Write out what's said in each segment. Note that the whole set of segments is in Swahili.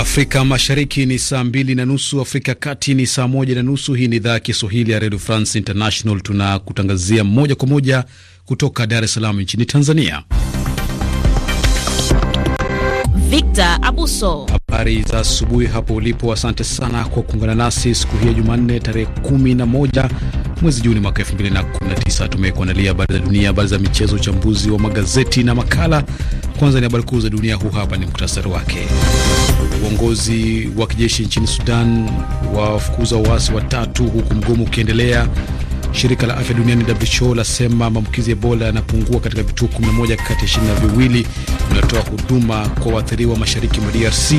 Afrika Mashariki ni saa mbili na nusu, Afrika Kati ni saa moja na nusu. Hii ni idhaa ya Kiswahili ya Redio France International, tunakutangazia moja kwa moja kutoka Dar es Salaam nchini Tanzania. Victor Abuso. Habari za asubuhi hapo ulipo, asante sana kwa kuungana nasi siku hii ya Jumanne tarehe 11 mwezi Juni mwaka 2019. Tumekuandalia habari za dunia, habari za michezo, uchambuzi wa magazeti na makala. Kwanza ni habari kuu za dunia, huu hapa ni mktasari wake. Uongozi wa kijeshi nchini Sudan wafukuza waasi watatu huku mgomo ukiendelea. Shirika la afya duniani WHO lasema maambukizi ya Ebola yanapungua katika vituo 11 kati ya 22 vinatoa huduma kwa waathiriwa mashariki mwa DRC.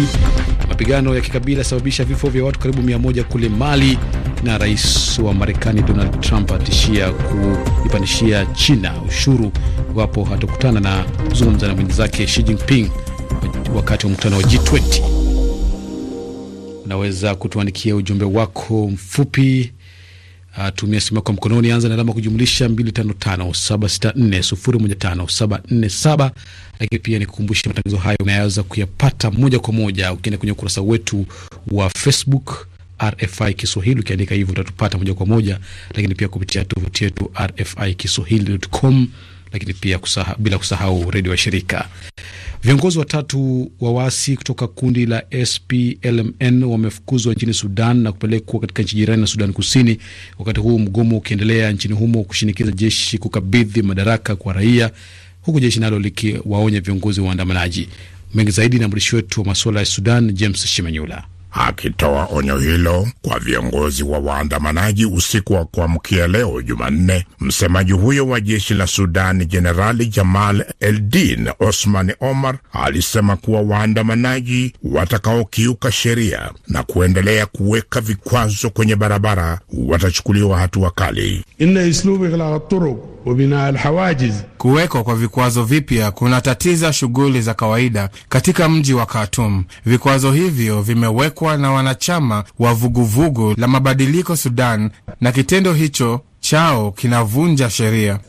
Mapigano ya kikabila yasababisha vifo vya watu karibu 100 kule Mali, na rais wa Marekani Donald Trump atishia kuipandishia China ushuru iwapo hatakutana na kuzungumza na mwenzake Xi Jinping wakati wa mkutano wa G20. Unaweza kutuandikia ujumbe wako mfupi Ah, tumia simu yako mkononi, anza na alama kujumlisha 255764015747 lakini pia nikukumbushe matangazo hayo unayaweza kuyapata moja kwa moja ukienda kwenye ukurasa wetu wa Facebook RFI Kiswahili. Ukiandika hivyo utatupata moja kwa moja, lakini pia kupitia tovuti yetu RFI Kiswahili.com lakini pia kusaha, bila kusahau redio wa shirika. Viongozi watatu wa waasi kutoka kundi la SPLMN wamefukuzwa nchini Sudan na kupelekwa katika nchi jirani na Sudan Kusini, wakati huu mgomo ukiendelea nchini humo kushinikiza jeshi kukabidhi madaraka kwa raia, huku jeshi nalo likiwaonya viongozi wa waandamanaji. Mengi zaidi na mwandishi wetu wa masuala ya Sudan, James Shimenyula akitoa onyo hilo kwa viongozi wa waandamanaji usiku wa kuamkia leo Jumanne. Msemaji huyo wa jeshi la Sudani, Jenerali Jamal Eldin Osman Omar, alisema kuwa waandamanaji watakaokiuka sheria na kuendelea kuweka vikwazo kwenye barabara watachukuliwa hatua kali. Kuwekwa kwa vikwazo vipya kunatatiza shughuli za kawaida katika mji wa Khartoum. Vikwazo hivyo vimewekwa kuwa na wanachama wa vuguvugu vugu la mabadiliko Sudan, na kitendo hicho chao kinavunja sheria.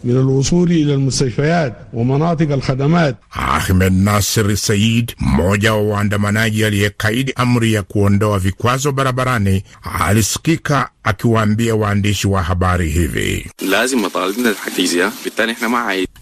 Ahmed Nasir Said, mmoja wa waandamanaji aliyekaidi amri ya kuondoa vikwazo barabarani, alisikika akiwaambia waandishi wa habari hivi: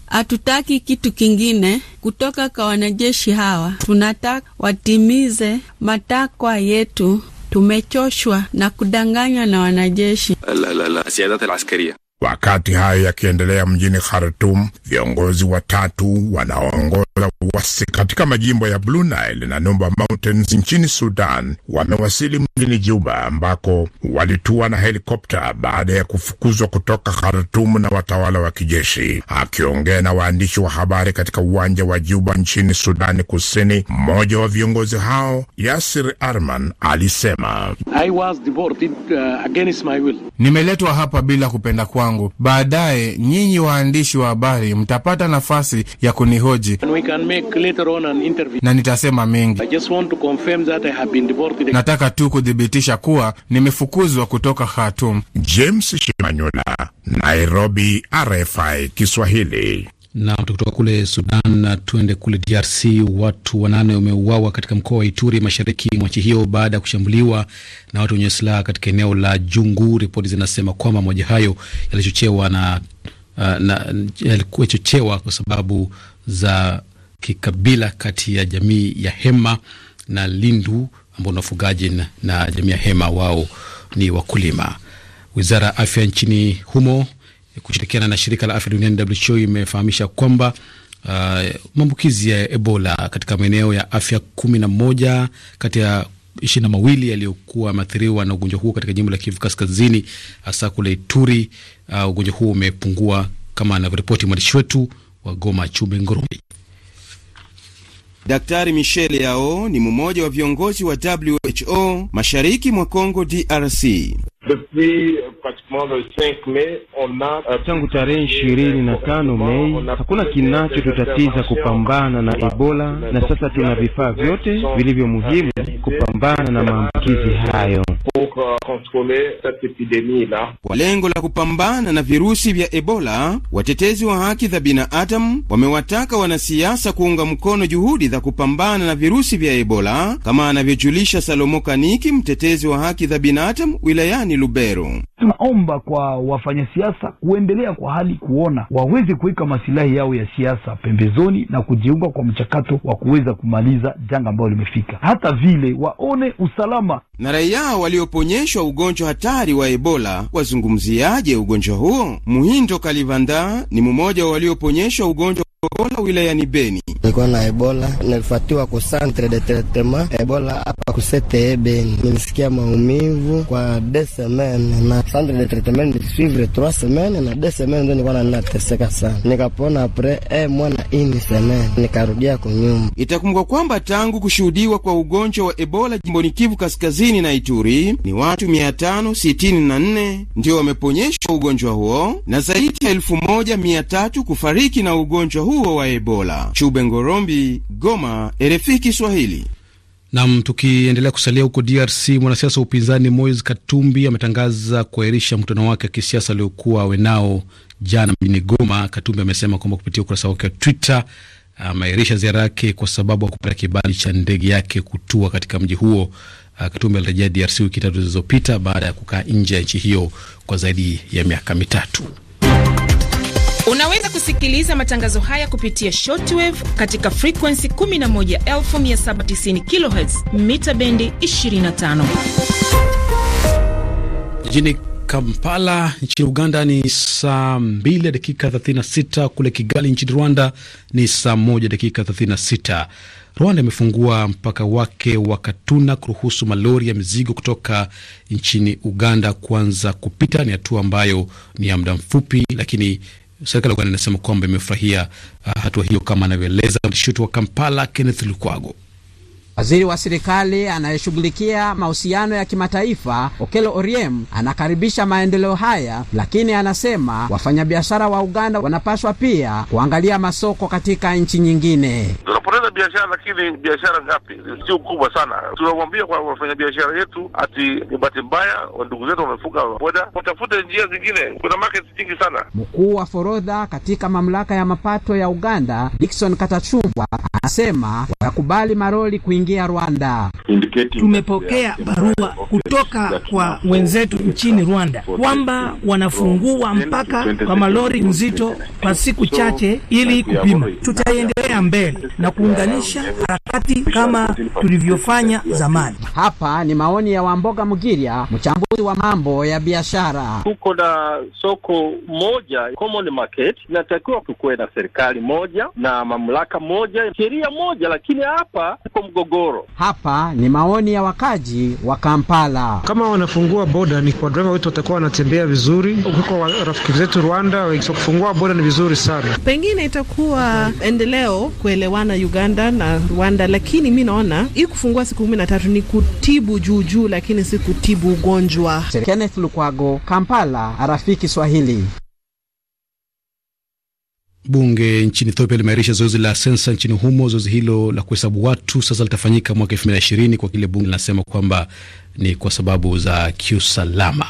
hatutaki kitu kingine kutoka kwa wanajeshi hawa, tunataka watimize matakwa yetu tumechoshwa na kudanganywa na wanajeshi la, la, la, la, Wakati hayo yakiendelea mjini Khartoum, viongozi watatu wanaoongoza uasi katika majimbo ya Blue Nile na Numba Mountains nchini Sudan wamewasili mjini Juba ambako walitua na helikopta baada ya kufukuzwa kutoka Khartoum na watawala wa kijeshi. Akiongea na waandishi wa habari katika uwanja wa Juba nchini Sudani Kusini, mmoja wa viongozi hao Yasir Arman alisema, I was deported, uh, against my will. Nimeletwa hapa bila kupenda kwangu wangu. Baadaye nyinyi waandishi wa habari mtapata nafasi ya kunihoji na nitasema mengi. Nataka tu kuthibitisha kuwa nimefukuzwa kutoka Khartoum. James Nairobi, RFI Kiswahili. Na tukitoka kule Sudan na tuende kule DRC. Watu wanane wameuawa katika mkoa wa Ituri mashariki mwa nchi hiyo baada ya kushambuliwa na watu wenye silaha katika eneo la Jungu. Ripoti zinasema kwamba mauaji hayo yalichochewa na, uh, na kwa sababu za kikabila kati ya jamii ya Hema na Lindu ambao ni wafugaji na jamii ya Hema, wao ni wakulima. Wizara ya afya nchini humo kushirikiana na shirika la afya duniani WHO imefahamisha kwamba uh, maambukizi ya Ebola katika maeneo ya afya kumi na moja kati ya ishirini na mawili yaliyokuwa ameathiriwa na ugonjwa huo katika jimbo la Kivu Kaskazini, hasa kule Ituri. Uh, ugonjwa huo umepungua kama anavyoripoti mwandishi wetu wa Goma, Chube Ngorumbi. Daktari Michel Yao ni mmoja wa viongozi wa WHO mashariki mwa Kongo DRC. Uh, tangu tarehe ishirini na tano Mei hakuna kinachotutatiza kupambana na Ebola, na sasa tuna vifaa vyote vilivyo muhimu kupambana na maambukizi hayo. Euh, kwa lengo la kupambana na virusi vya Ebola, watetezi wa haki za binadamu wamewataka wanasiasa kuunga mkono juhudi za kupambana na virusi vya Ebola, kama anavyojulisha Salomo Kaniki, mtetezi wa haki za binadamu wilayani Lubero. Tunaomba kwa wafanyasiasa kuendelea kwa hali kuona waweze kuweka masilahi yao ya siasa pembezoni na kujiunga kwa mchakato wa kuweza kumaliza janga ambalo limefika, hata vile waone usalama na raia waliopo kuonyeshwa ugonjwa hatari wa Ebola, wazungumziaje ugonjwa huo? Muhindo Kalivanda ni mmoja walioponyeshwa ugonjwa Ebola wilayani Beni. Nilikuwa na Ebola, nilifuatiwa ku centre de traitement Ebola hapa kusete e, Beni. Nilisikia maumivu kwa 2 semaines na centre de traitement nilisuivre 3 semaines na 2 semaines ndio nilikuwa ninateseka sana. Nikapona apres e mwana ini semaine nikarudia kwa Itakumbukwa kwamba tangu kushuhudiwa kwa ugonjwa wa Ebola jimboni Kivu Kaskazini na Ituri, ni watu 564 ndio wameponyeshwa ugonjwa huo na zaidi ya 1300 kufariki na ugonjwa huo huo wa Ebola. Chube Ngorombi, Goma, RFI Kiswahili. Nam, tukiendelea kusalia huko DRC, mwanasiasa wa upinzani Mois Katumbi ametangaza kuahirisha mkutano wake wa kisiasa aliokuwa awe nao jana mjini Goma. Katumbi amesema kwamba kupitia ukurasa wake wa Twitter ameahirisha ziara yake kwa sababu hakupata kibali cha ndege yake kutua katika mji huo. Ah, Katumbi alirejea DRC wiki tatu zilizopita baada ya kukaa nje ya nchi hiyo kwa zaidi ya miaka mitatu. Unaweza kusikiliza matangazo haya kupitia shortwave katika frequency 11790 kHz mita bendi 25 jijini Kampala nchini Uganda ni saa 2 dakika 36. Kule Kigali nchini Rwanda ni saa 1 dakika 36. Rwanda imefungua mpaka wake wa Katuna kuruhusu malori ya mizigo kutoka nchini Uganda kuanza kupita. Ni hatua ambayo ni ya muda mfupi, lakini serikali ya Uganda inasema kwamba imefurahia uh, hatua hiyo, kama anavyoeleza mwandishi wetu wa Kampala Kenneth Lukwago. Waziri wa serikali anayeshughulikia mahusiano ya kimataifa okelo oriem anakaribisha maendeleo haya, lakini anasema wafanyabiashara wa Uganda wanapaswa pia kuangalia masoko katika nchi nyingine. Tunapoteza biashara, lakini biashara ngapi? Sio kubwa sana. Tunamwambia kwa wafanyabiashara yetu ati ni bahati mbaya, wandugu zetu wamefuga boda, watafute njia zingine, kuna market nyingi sana. Mkuu wa forodha katika mamlaka ya mapato ya Uganda Dickson Katachumbwa anasema wakubali maroli kuingia kurejea Rwanda. Tumepokea barua kutoka kwa wenzetu nchini Rwanda kwamba wanafungua mpaka kwa malori nzito kwa siku chache ili kupima. Tutaendelea mbele na kuunganisha harakati kama tulivyofanya zamani. Hapa ni maoni ya Wamboga Mugiria, mchambuzi wa mambo ya biashara. Tuko na soko moja, common market, inatakiwa tukuwe na serikali moja na mamlaka moja, sheria moja, lakini hapa uko mgogoro hapa ni maoni ya wakaji wa Kampala. Kama wanafungua boda, ni kwa driver wetu watakuwa wanatembea vizuri kwa rafiki zetu Rwanda. Kufungua boda ni vizuri sana, pengine itakuwa endeleo kuelewana Uganda na Rwanda, lakini mi naona hii kufungua siku kumi na tatu ni kutibu juujuu, lakini si kutibu ugonjwa. Kenneth Lukwago, Kampala, Rafiki Swahili. Bunge nchini Ethiopia limeirisha zoezi la sensa nchini humo. Zoezi hilo la kuhesabu watu sasa litafanyika mwaka elfu mbili na ishirini kwa kile bunge linasema kwamba ni kwa sababu za kiusalama.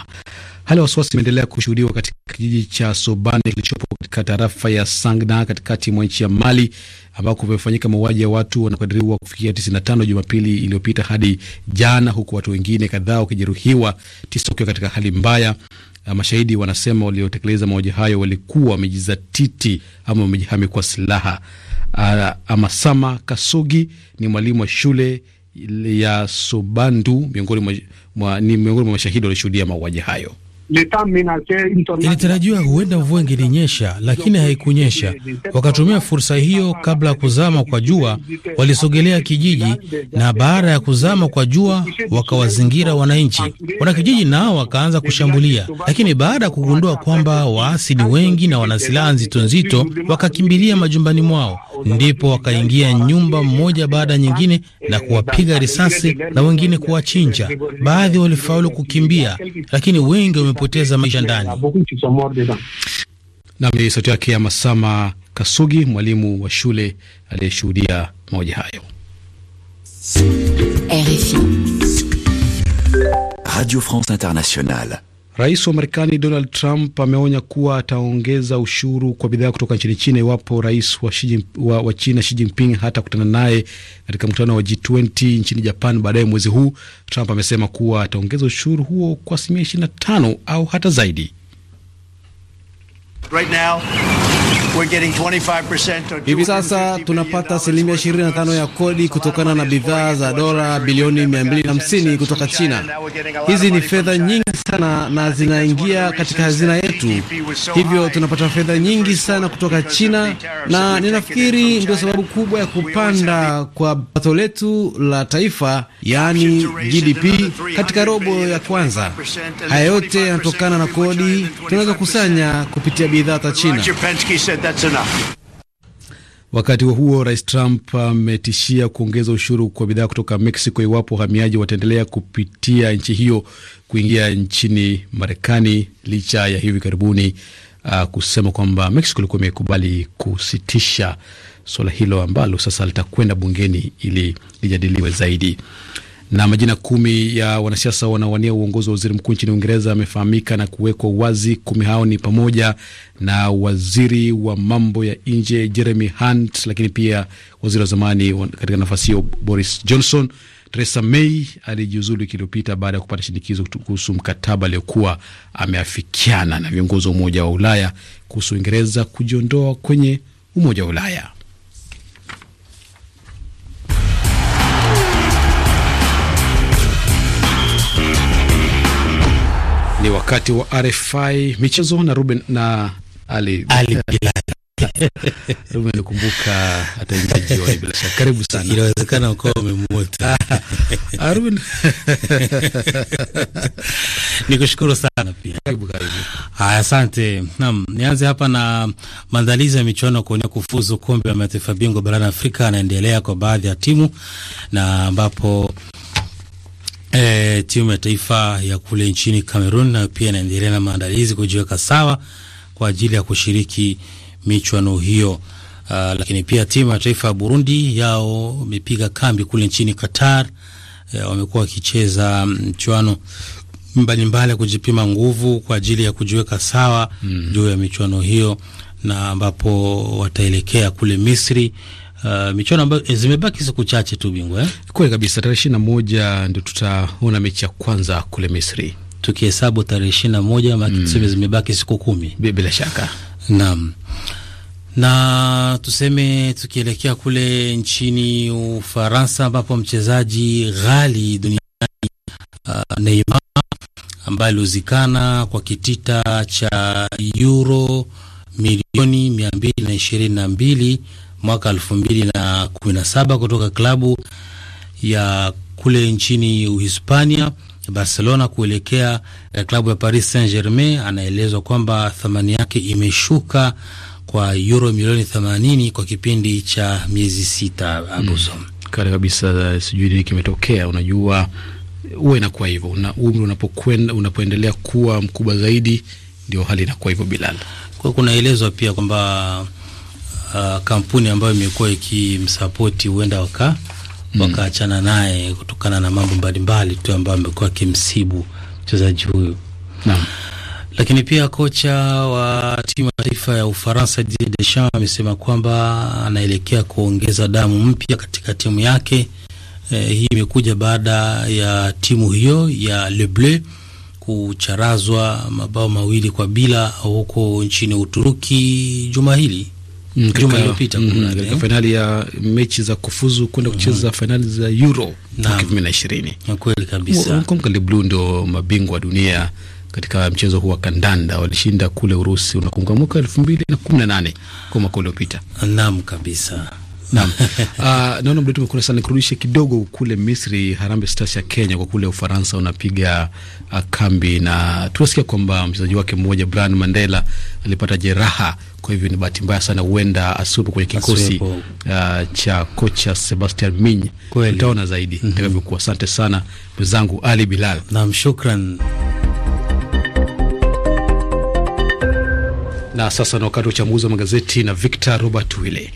Hali ya wasiwasi imeendelea kushuhudiwa katika kijiji cha Sobane kilichopo katika tarafa ya Sangna katikati mwa nchi ya Mali ambako kumefanyika mauaji ya watu wanakadiriwa kufikia 95 Jumapili iliyopita hadi jana, huku watu wengine kadhaa wakijeruhiwa, tisa wakiwa katika hali mbaya. Ah, mashahidi wanasema waliotekeleza mauaji hayo walikuwa wamejizatiti ama wamejihami kwa silaha. Ah, Amasama Kasugi ni mwalimu wa shule ya Sobandu miongoni mwa, mwa, ni miongoni mwa mashahidi walioshuhudia mauaji hayo. Ilitarajiwa huenda mvua ingelinyesha, lakini haikunyesha. Wakatumia fursa hiyo. Kabla ya kuzama kwa jua, walisogelea kijiji, na baada ya kuzama kwa jua wakawazingira wananchi. Wanakijiji nao wakaanza kushambulia, lakini baada ya kugundua kwamba waasi ni wengi na wana silaha nzito nzito, wakakimbilia majumbani mwao. Ndipo wakaingia nyumba mmoja baada ya nyingine na kuwapiga risasi na wengine kuwachinja. Baadhi walifaulu kukimbia, lakini wengi wame kupoteza maisha ndani. Nam ni sauti yake ya Masama Kasugi, mwalimu wa shule aliyeshuhudia mauaji hayo. RFI Radio France Internationale. Rais wa Marekani Donald Trump ameonya kuwa ataongeza ushuru kwa bidhaa kutoka nchini China iwapo rais wa, Xi, wa, wa China Xi Jinping hata kutana naye katika mkutano wa G20 nchini Japan baadaye mwezi huu. Trump amesema kuwa ataongeza ushuru huo kwa asilimia 25 au hata zaidi. Hivi sasa tunapata asilimia 25 ya kodi kutokana na bidhaa za dola bilioni 250 kutoka China. Hizi ni fedha nyingi sana na zinaingia katika hazina yetu, hivyo tunapata fedha nyingi sana kutoka China, na ninafikiri ndio sababu kubwa ya kupanda kwa pato letu la taifa, yaani GDP, katika robo ya kwanza. Haya yote yanatokana na kodi tunazokusanya kupitia bidhaa bidhaa za China. Wakati wa huo Rais Trump ametishia kuongeza ushuru kwa bidhaa kutoka Mexico iwapo wahamiaji wataendelea kupitia nchi hiyo kuingia nchini Marekani, licha ya hivi karibuni uh, kusema kwamba Mexico ilikuwa imekubali kusitisha suala hilo ambalo sasa litakwenda bungeni ili lijadiliwe zaidi. Na majina kumi ya wanasiasa wanaowania uongozi wa waziri mkuu nchini Uingereza yamefahamika na kuwekwa wazi. Kumi hao ni pamoja na waziri wa mambo ya nje Jeremy Hunt, lakini pia waziri wa zamani katika nafasi hiyo Boris Johnson. Theresa May alijiuzulu wiki iliyopita baada ya kupata shinikizo kuhusu mkataba aliyokuwa ameafikiana na viongozi wa Umoja wa Ulaya kuhusu Uingereza kujiondoa kwenye Umoja wa Ulaya. Ni wakati wa RFI michezo na Ruben na Ali, Ali Kumbuka ataingia jioni bila shaka. Karibu sana. Inawezekana ukawa ah, Nikushukuru sana pia. Karibu karibu. Haya, asante. Naam, nianze hapa na maandalizi ya michuano kuonia kufuzu kombe la mataifa bingwa barani Afrika anaendelea kwa baadhi ya timu na ambapo E, timu ya taifa ya kule nchini Cameroon nayo pia inaendelea na maandalizi kujiweka sawa kwa ajili ya kushiriki michuano hiyo. Uh, lakini pia timu ya taifa ya Burundi yao wamepiga kambi kule nchini Qatar. E, wamekuwa wakicheza mchuano mbalimbali ya kujipima nguvu kwa ajili ya kujiweka sawa mm, juu ya michuano hiyo na ambapo wataelekea kule Misri uh, michuano ambayo eh, zimebaki siku chache tu, bingwa eh? Kweli kabisa, tarehe ishirini na moja ndio tutaona mechi ya kwanza kule Misri, tukihesabu tarehe ishirini na moja mm. zimebaki siku kumi bila shaka naam na tuseme tukielekea kule nchini Ufaransa ambapo mchezaji ghali duniani uh, Neymar ambaye aliuzikana kwa kitita cha euro milioni mia mbili na ishirini na mbili mwaka saba kutoka klabu ya kule nchini Uhispania Barcelona kuelekea eh, klabu ya Paris Saint-Germain. Anaelezwa kwamba thamani yake imeshuka kwa euro milioni 80 kwa kipindi cha miezi sita. Abuso mm, kale kabisa, eh, sijui nini kimetokea. Unajua huwa inakuwa hivyo, na umri unapokwenda, unapoendelea kuwa mkubwa zaidi, ndio hali inakuwa hivyo. Bilal, kwa kunaelezwa pia kwamba uh, kampuni ambayo imekuwa ikimsapoti huenda waka mm. wakaachana naye kutokana na mambo mbalimbali tu ambayo amekuwa akimsibu mchezaji huyu naam. Lakini pia kocha wa timu ya taifa ya Ufaransa Didier Deschamps amesema kwamba anaelekea kuongeza damu mpya katika timu yake. Eh, hii imekuja baada ya timu hiyo ya Le Bleu kucharazwa mabao mawili kwa bila huko nchini Uturuki juma hili. Mm, juma iliyopita mm, katika eh? fainali ya mechi za kufuzu kwenda mm. kucheza fainali za Euro mwaka 2020. Ni kweli kabisa. Hong Blue ndio mabingwa dunia katika mchezo huu wa kandanda walishinda kule Urusi, unakumbuka mwaka 2018 kwa mwaka uliopita. Naam kabisa. Ah, naona mdetu tumekula sana, nikurudishe kidogo kule Misri, Harambee Stars ya Kenya kwa kule Ufaransa unapiga ah, kambi, na tunasikia kwamba mchezaji wake mmoja Brian Mandela alipata jeraha, kwa hivyo ni bahati mbaya sana, huenda asiwepo kwenye kikosi uh, cha kocha Sebastian Minyi. Tutaona zaidi mm -hmm. itakavyokuwa. Asante sana mwenzangu Ali Bilal. Naam, shukran. Na sasa na wakati wa uchambuzi wa magazeti na Victor Robert Wille.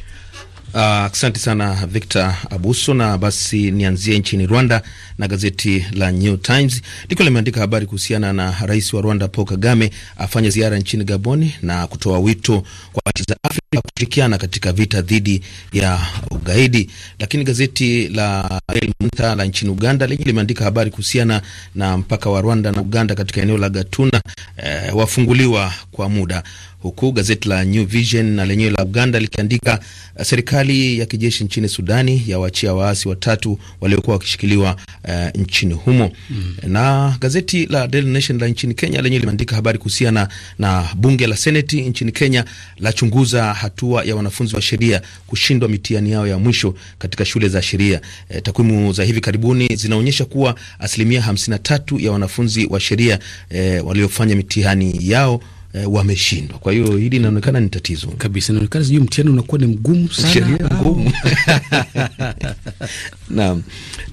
Ah, asante uh, sana Victor Abuso. Na basi nianzie nchini Rwanda na gazeti la New Times liko limeandika habari kuhusiana na rais wa Rwanda Paul Kagame afanya ziara nchini Gaboni na kutoa wito kwa nchi za Afrika kushirikiana katika vita dhidi ya ugaidi. Lakini gazeti la Monitor la nchini Uganda lenye limeandika habari kuhusiana na mpaka wa Rwanda na Uganda katika eneo la Gatuna eh, wafunguliwa kwa muda huku gazeti la New Vision na lenyewe la Uganda likiandika eh, serikali ya kijeshi nchini Sudani yawaachia waasi watatu waliokuwa wakishikiliwa uh, nchini humo mm. Na gazeti la Daily Nation la nchini Kenya lenyewe limeandika habari kuhusiana na bunge la seneti nchini Kenya la chunguza hatua ya wanafunzi wa sheria kushindwa mitihani yao ya mwisho katika shule za sheria. E, takwimu za hivi karibuni zinaonyesha kuwa asilimia 53 ya wanafunzi wa sheria e, waliofanya mitihani yao Eh, wameshindwa. Kwa hiyo hili inaonekana ni tatizo kabisa, inaonekana sijui mtihani unakuwa ni mgumu sana mgumu. na,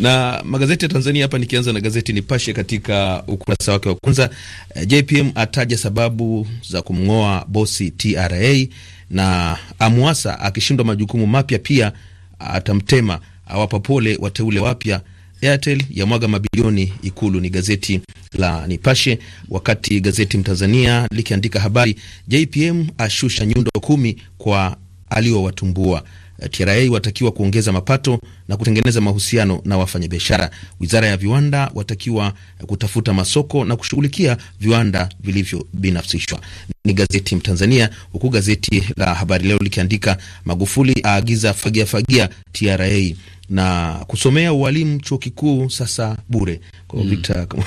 na magazeti ya Tanzania hapa, nikianza na gazeti Nipashe katika ukurasa wake wa kwanza, eh, JPM ataja sababu za kumng'oa bosi TRA na amwasa akishindwa majukumu mapya pia atamtema, awapa pole wateule wapya Airtel mwaga mabilioni Ikulu. Ni gazeti la Nipashe. Wakati gazeti Mtanzania likiandika habari JPM ashusha nyundo kumi kwa aliowatumbua TRA watakiwa kuongeza mapato na kutengeneza mahusiano na wafanyabiashara. Wizara ya viwanda watakiwa kutafuta masoko na kushughulikia viwanda vilivyobinafsishwa. Ni gazeti Mtanzania, huku gazeti la Habari Leo likiandika Magufuli aagiza fagia fagia TRA na kusomea ualimu chuo kikuu sasa bure. Kwa hmm. Victor, kama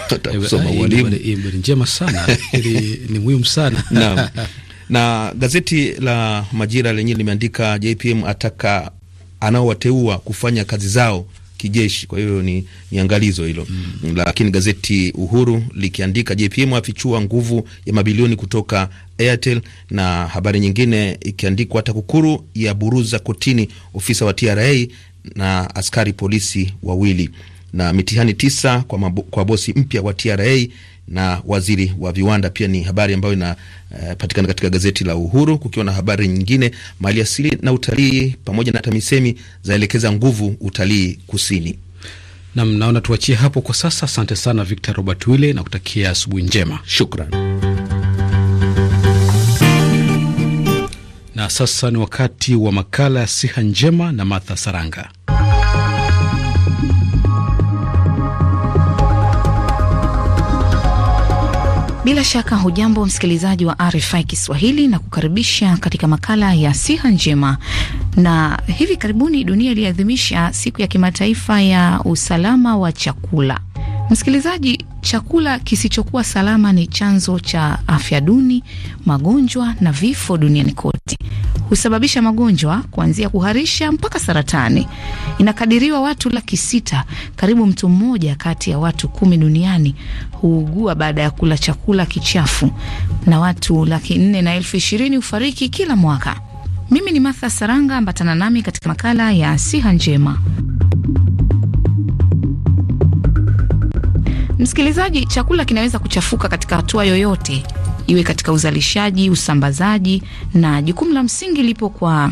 ah, ualimu, njema sana, ni muhimu sana Na gazeti la Majira lenyewe limeandika JPM ataka anaowateua kufanya kazi zao kijeshi. Kwa hiyo ni, ni angalizo hilo mm. Lakini gazeti Uhuru likiandika JPM afichua nguvu ya mabilioni kutoka Airtel, na habari nyingine ikiandikwa TAKUKURU ya buruza kotini ofisa wa TRA na askari polisi wawili na mitihani tisa kwa, mabu, kwa bosi mpya wa TRA na waziri wa viwanda pia ni habari ambayo inapatikana eh, uh, katika gazeti la Uhuru, kukiwa na habari nyingine, mali asili na utalii pamoja na TAMISEMI zaelekeza nguvu utalii kusini. Nam, naona tuachie hapo kwa sasa. Asante sana Victor Robert wille na kutakia asubuhi njema, shukran. Na sasa ni wakati wa makala ya siha njema na Martha Saranga. Bila shaka hujambo msikilizaji wa RFI Kiswahili na kukaribisha katika makala ya siha njema. Na hivi karibuni dunia iliadhimisha siku ya kimataifa ya usalama wa chakula. Msikilizaji, chakula kisichokuwa salama ni chanzo cha afya duni, magonjwa na vifo duniani kote husababisha magonjwa kuanzia kuharisha mpaka saratani. Inakadiriwa watu laki sita, karibu mtu mmoja kati ya watu kumi duniani huugua baada ya kula chakula kichafu na watu laki nne na elfu ishirini hufariki kila mwaka. Mimi ni Martha Saranga, ambatana nami katika makala ya Siha Njema. Msikilizaji, chakula kinaweza kuchafuka katika hatua yoyote iwe katika uzalishaji, usambazaji, na jukumu la msingi lipo kwa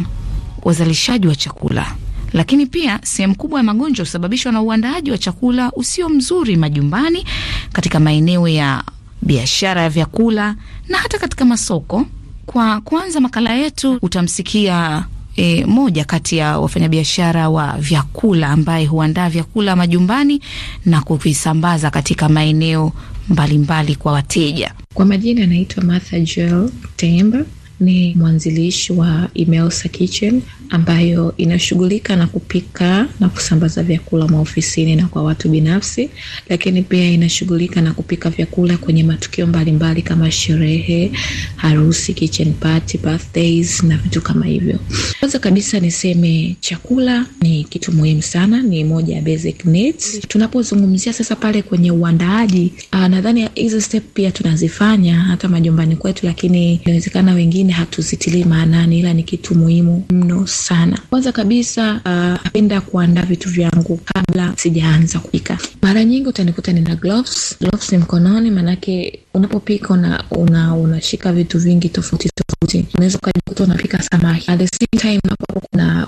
wazalishaji wa chakula. Lakini pia sehemu kubwa ya magonjwa husababishwa na uandaaji wa chakula usio mzuri majumbani, katika maeneo ya biashara ya vyakula na hata katika masoko. Kwa kwanza makala yetu, utamsikia e, moja kati ya wafanyabiashara wa vyakula ambaye huandaa vyakula majumbani na kuvisambaza katika maeneo mbalimbali kwa wateja. Kwa majina anaitwa Martha Joel Temba, ni mwanzilishi wa Imelsa Kitchen ambayo inashughulika na kupika na kusambaza vyakula maofisini na kwa watu binafsi, lakini pia inashughulika na kupika vyakula kwenye matukio mbalimbali kama sherehe, harusi, kitchen party, birthdays na vitu kama hivyo. Kwanza kabisa niseme chakula ni kitu muhimu sana, ni moja ya basic needs. Tunapozungumzia sasa pale kwenye uandaaji, ah, nadhani hizi step pia tunazifanya hata majumbani kwetu, lakini inawezekana wengine hatuzitilii maanani, ila ni kitu muhimu mno sana. Kwanza kabisa ah, napenda uh, kuandaa vitu vyangu kabla sijaanza kupika. Mara nyingi utanikuta nina gloves, gloves ni mkononi, maanake unapopika una, una unashika vitu vingi tofauti tofauti, unaweza ukajikuta unapika samaki at the same time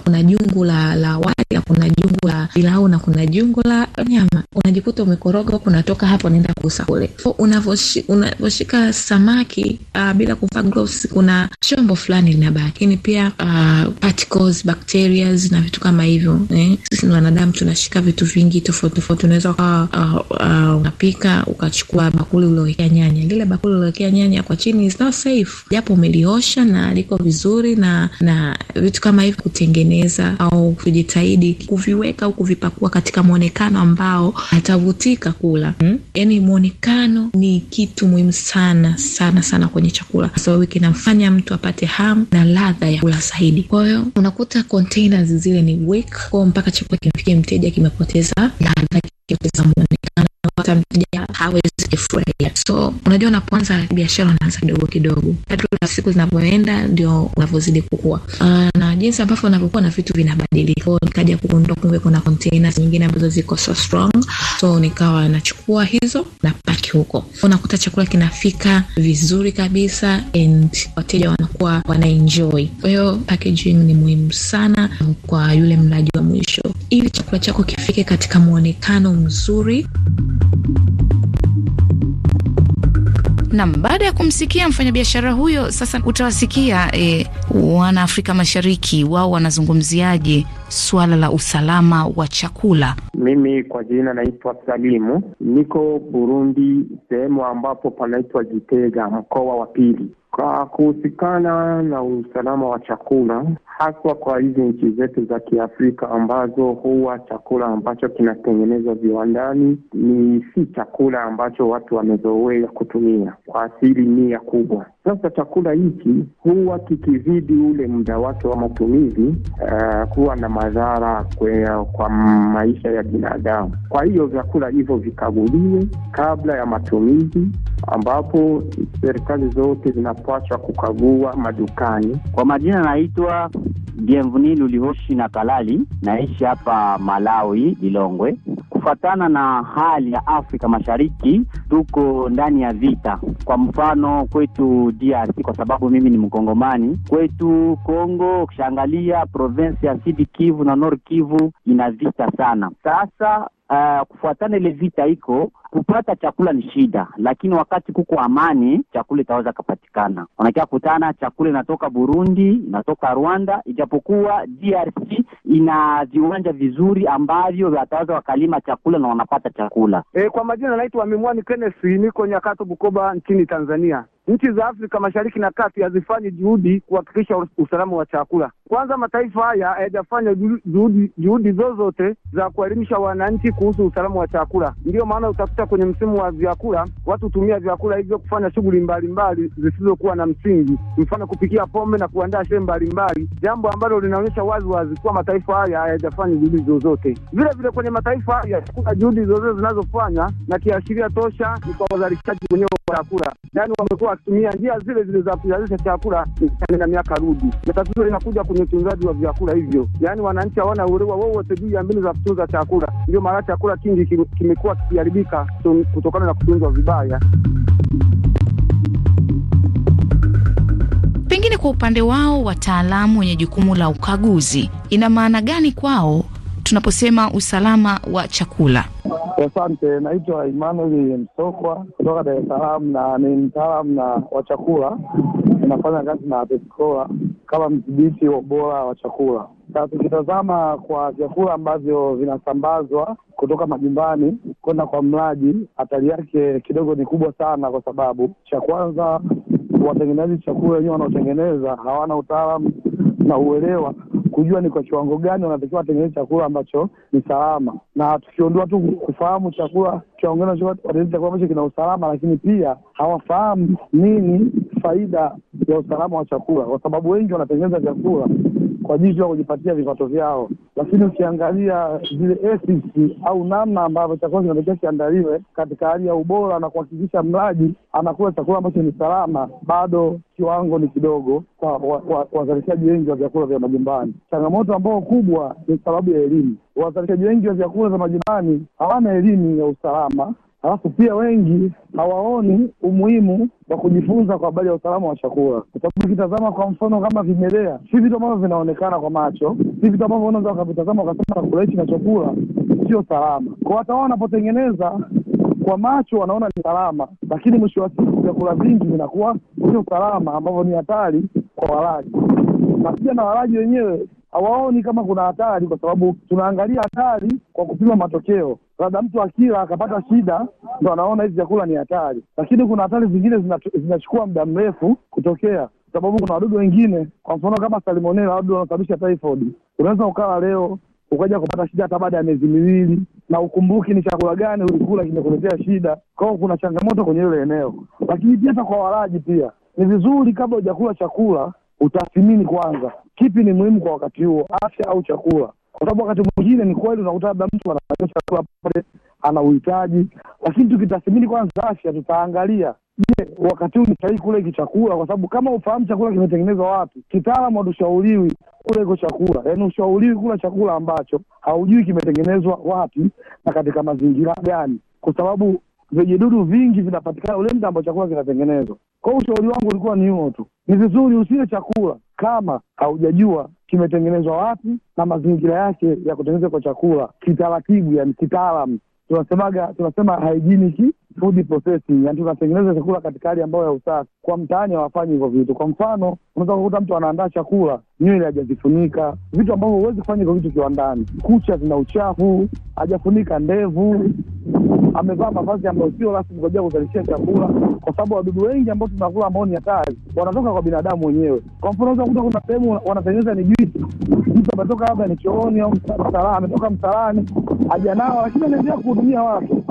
kuna, jungu la, la wali na kuna jungu la pilau na kuna jungo la nyama, unajikuta umekoroga huku unatoka hapo naenda kuuza kule. Unavyoshika samaki uh, bila kuvaa gloves, kuna chombo fulani linabaki, lakini pia uh, particles, bacteria na vitu kama hivyo eh. Sisi ni wanadamu tunashika vitu vingi tofauti tofauti. Unaweza ukawa uh, uh, ah, unapika ukachukua bakuli uliowekea nyanya, lile bakuli uliowekea nyanya kwa chini is not safe, japo umeliosha na liko vizuri na na vitu kama hivyo, kutengeneza au kujitahidi kuviweka kuvipakua katika mwonekano ambao atavutika kula hmm. Yaani mwonekano ni kitu muhimu sana sana sana kwenye chakula, kwa sababu kinamfanya mtu apate hamu na ladha ya kula zaidi. Kwa hiyo unakuta containers zile ni weak, kwa mpaka chakula kimfikie mteja kimepoteza ladha, kimepoteza mwonekano, hata mteja hawezi FA. So unajua unapoanza biashara unaanza kidogo kidogo, kadri siku zinavyoenda ndio unavyozidi kukua. Uh, na jinsi ambavyo unavyokuwa na vitu vinabadilika, nikaja kugundua kumbe kuna containers nyingine ambazo ziko so strong, so nikawa nachukua hizo na paki huko, unakuta chakula kinafika vizuri kabisa and wateja wanakuwa wanaenjoy. Kwa hiyo packaging ni muhimu sana kwa yule mlaji wa mwisho, ili chakula chako kifike katika mwonekano mzuri. Nam, baada ya kumsikia mfanyabiashara huyo, sasa utawasikia e, wana Afrika Mashariki wao wanazungumziaje suala la usalama wa chakula. Mimi kwa jina naitwa Salimu, niko Burundi, sehemu ambapo panaitwa Gitega, mkoa wa pili. Kwa kuhusikana na usalama wa chakula haswa kwa hizi nchi zetu za Kiafrika ambazo huwa chakula ambacho kinatengenezwa viwandani ni si chakula ambacho watu wamezoea kutumia kwa asilimia kubwa. Sasa chakula hiki huwa kikizidi ule muda wake wa matumizi, uh, kuwa na madhara kwa, kwa maisha ya binadamu. Kwa hiyo vyakula hivyo vikaguliwe kabla ya matumizi, ambapo serikali zote zinapaswa kukagua madukani. Kwa majina naitwa Bienveni Lulihoshi na Kalali, naishi hapa Malawi, Lilongwe. Kufatana na hali ya Afrika Mashariki, tuko ndani ya vita. Kwa mfano kwetu DRC kwa sababu mimi ni Mkongomani. Kwetu Kongo, ukishaangalia province ya Sud Kivu na Nord Kivu ina vita sana. Sasa uh, kufuatana ile vita iko kupata chakula ni shida, lakini wakati kuko amani, chakula itaweza kupatikana. Wanakia kutana chakula inatoka Burundi, inatoka Rwanda, ijapokuwa DRC ina viwanja vizuri ambavyo wataweza wakalima chakula na wanapata chakula. E, kwa majina naitwa Mimwani Kenneth, niko Nyakato, Bukoba nchini Tanzania nchi za Afrika Mashariki na Kati hazifanyi juhudi kuhakikisha usalama wa chakula. Kwanza, mataifa haya hayajafanya juhudi, juhudi zozote za kuelimisha wananchi kuhusu usalama wa chakula. Ndiyo maana utakuta kwenye msimu wa vyakula watu hutumia vyakula hivyo kufanya shughuli mbalimbali zisizokuwa na msingi, mfano kupikia pombe na kuandaa sherehe mbalimbali, jambo ambalo linaonyesha wazi wazi kuwa mataifa haya hayajafanya juhudi zozote. Vile vile kwenye mataifa haya kuna juhudi zozote zinazofanywa, na kiashiria tosha ni kwa wazalishaji wenyewe wa chakula, yaani wamekuwa wakitumia njia zile zile za kuzalisha chakula na miaka rudi, na tatizo linakuja kwenye utunzaji wa vyakula hivyo, yaani wananchi hawana uelewa wowote juu ya mbinu za kutunza chakula. Ndio maana chakula kingi kimekuwa kikiharibika kutokana na kutunzwa vibaya. Pengine kwa upande wao wataalamu wenye jukumu la ukaguzi, ina maana gani kwao tunaposema usalama wa chakula? Asante, naitwa Emanuel Msokwa kutoka Dar es Salaam na ni mtaalamu na wa chakula, inafanya kazi na PESCOA kama mdhibiti wa ubora wa chakula. Sasa tukitazama kwa vyakula ambavyo vinasambazwa kutoka majumbani kwenda kwa mlaji, hatari yake kidogo ni kubwa sana, kwa sababu cha kwanza, watengenezaji chakula wenyewe wanaotengeneza hawana utaalamu na uelewa kujua ni kwa kiwango gani wanatakiwa watengeneze chakula ambacho ni salama, na tukiondoa tu kufahamu chakula kiwango gani watengeneze chakula ambacho kina usalama, lakini pia hawafahamu nini faida ya usalama wa chakula, kwa sababu wengi wanatengeneza chakula kwa jinsi ya kujipatia vipato vyao, lakini ukiangalia zile ethics au namna ambavyo chakula kinatakiwa kiandaliwe katika hali ya ubora na kuhakikisha mlaji anakula chakula ambacho ni salama, bado kiwango ni kidogo kwa wazalishaji wengi wa vyakula vya majumbani. Changamoto ambayo kubwa ni sababu ya elimu. Wazalishaji wengi wa vyakula vya majumbani hawana elimu ya usalama Alafu pia wengi hawaoni umuhimu wa kujifunza kwa habari ya usalama wa chakula, kwa sababu ukitazama kwa mfano kama vimelea, si vitu ambavyo vinaonekana kwa macho, si vitu ambavyo unaweza ukavitazama ukasema chakula hichi na chakula sio salama. Kwa hata wao wanapotengeneza kwa macho wanaona ni salama, lakini mwisho wa siku vyakula vingi vinakuwa sio salama, ambavyo ni hatari kwa walaji, na pia na walaji wenyewe hawaoni kama kuna hatari, kwa sababu tunaangalia hatari kwa kupima matokeo labda mtu akila akapata shida, ndo anaona hizi chakula ni hatari, lakini kuna hatari zingine zinachukua muda mrefu kutokea sababu kuna wadudu wengine, kwa mfano kama salmonella, wadudu wanaosababisha typhoid. Unaweza ukala leo ukaja kupata shida hata baada ya miezi miwili, na ukumbuki ni chakula gani ulikula kimekuletea shida. Kwa hiyo kuna changamoto kwenye hilo eneo, lakini pia hata kwa walaji pia ni vizuri, kabla hujakula chakula utathimini kwanza kipi ni muhimu kwa wakati huo, afya au chakula, kwa sababu wakati wengine ni kweli unakuta labda mtu anaonyesha kuwa pale ana uhitaji, lakini tukitathmini kwanza afya, tutaangalia je, wakati huu ni sahihi kula hiki chakula, kwa sababu kama ufahamu chakula kimetengenezwa wapi, kitaalamu hatushauriwi kula hiko chakula. Yaani ushauriwi kula chakula ambacho haujui kimetengenezwa wapi na katika mazingira gani, kwa sababu vijidudu vingi vinapatikana ule mda ambao chakula kinatengenezwa. Kwa hiyo ushauri wangu ulikuwa ni huo tu, ni vizuri usile chakula kama haujajua kimetengenezwa wapi na mazingira yake ya kutengeneza kwa chakula kitaratibu, yani kitaalam. Tunasemaga, tunasema hygienic food processing, yani tunatengeneza chakula katika hali ambayo ya usafi. Kwa mtaani hawafanyi hivyo vitu. Kwa mfano, unaweza kukuta mtu anaandaa chakula nywele hajazifunika, vitu ambavyo huwezi kufanya hivyo vitu kiwandani. Kucha zina uchafu, hajafunika ndevu amevaa mavazi ambayo sio rasmi kwa ajili ya kuzalishia chakula, kwa sababu wadudu wengi ambao tunakula ambao ni hatari wanatoka kwa binadamu wenyewe. Kwa mfano, unaweza kukuta kuna sehemu wanatengeneza ni juisi, mtu ametoka labda ni chooni au msalani, ametoka msalani hajanawa, lakini anaendelea kuhudumia watu.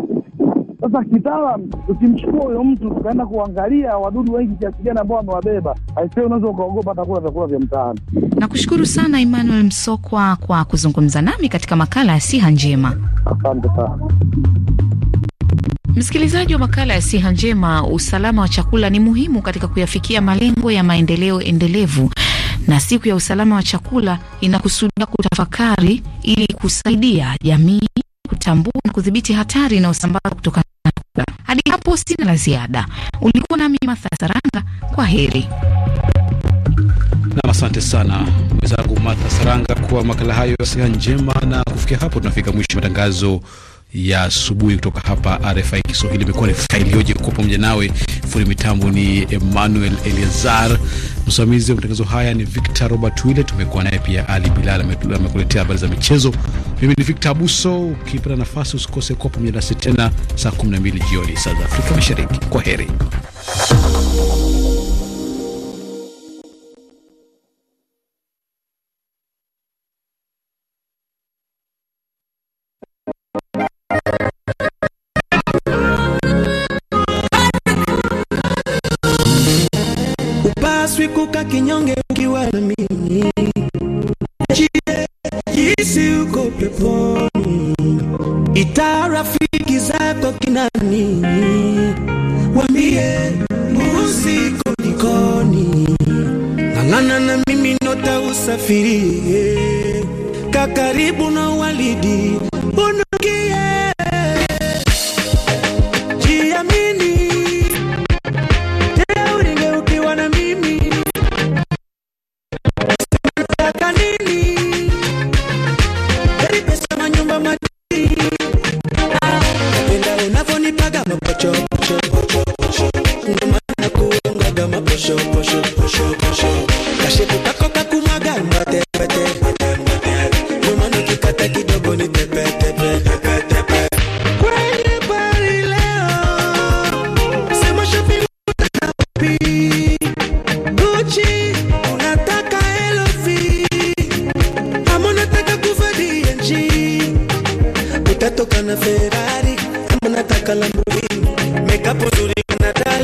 Sasa kitaalam, tukimchukua huyo mtu tukaenda kuangalia wadudu wengi kiasi gani ambao amewabeba, aise, unaweza ukaogopa hata kula vyakula vya mtaani. Nakushukuru sana Emmanuel Msokwa kwa kuzungumza nami katika makala ya Siha Njema. Asante sana. Msikilizaji wa makala ya siha njema, usalama wa chakula ni muhimu katika kuyafikia malengo ya maendeleo endelevu na siku ya usalama wa chakula inakusudia kutafakari ili kusaidia jamii kutambua na kudhibiti hatari inayosambaa kutokana Hadi hapo sina la ziada. Ulikuwa nami Matha Saranga, kwa heri. Nam, asante sana mwenzangu Matha Saranga kwa makala hayo ya siha njema, na kufikia hapo tunafika mwisho matangazo ya asubuhi kutoka hapa RFI Kiswahili. Imekuwa ni furaha iliyoje kuwa pamoja nawe. Fundi mitambo ni Emmanuel Eliazar, msimamizi wa matangazo haya ni Victor Robert Wile. Tumekuwa naye pia Ali Bilal amekuletea habari za michezo. Mimi ni Victor Abuso. Ukipata nafasi usikose kuwa pamoja nasi tena saa 12 jioni saa za Afrika Mashariki. Kwa heri. kinyonge ukiwa na mimi, jisi uko peponi, ita rafiki zako nini wambie muziko nikoni, ng'ang'ana na mimi nota usafiri kakaribu na walidi Bono.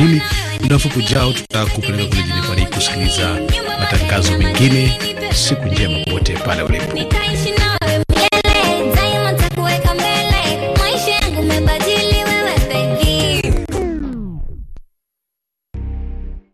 Kiswahili. Muda mfupi ujao, tutakupeleka kule jijini Paris kusikiliza matangazo mengine. Siku njema popote pale ulipo.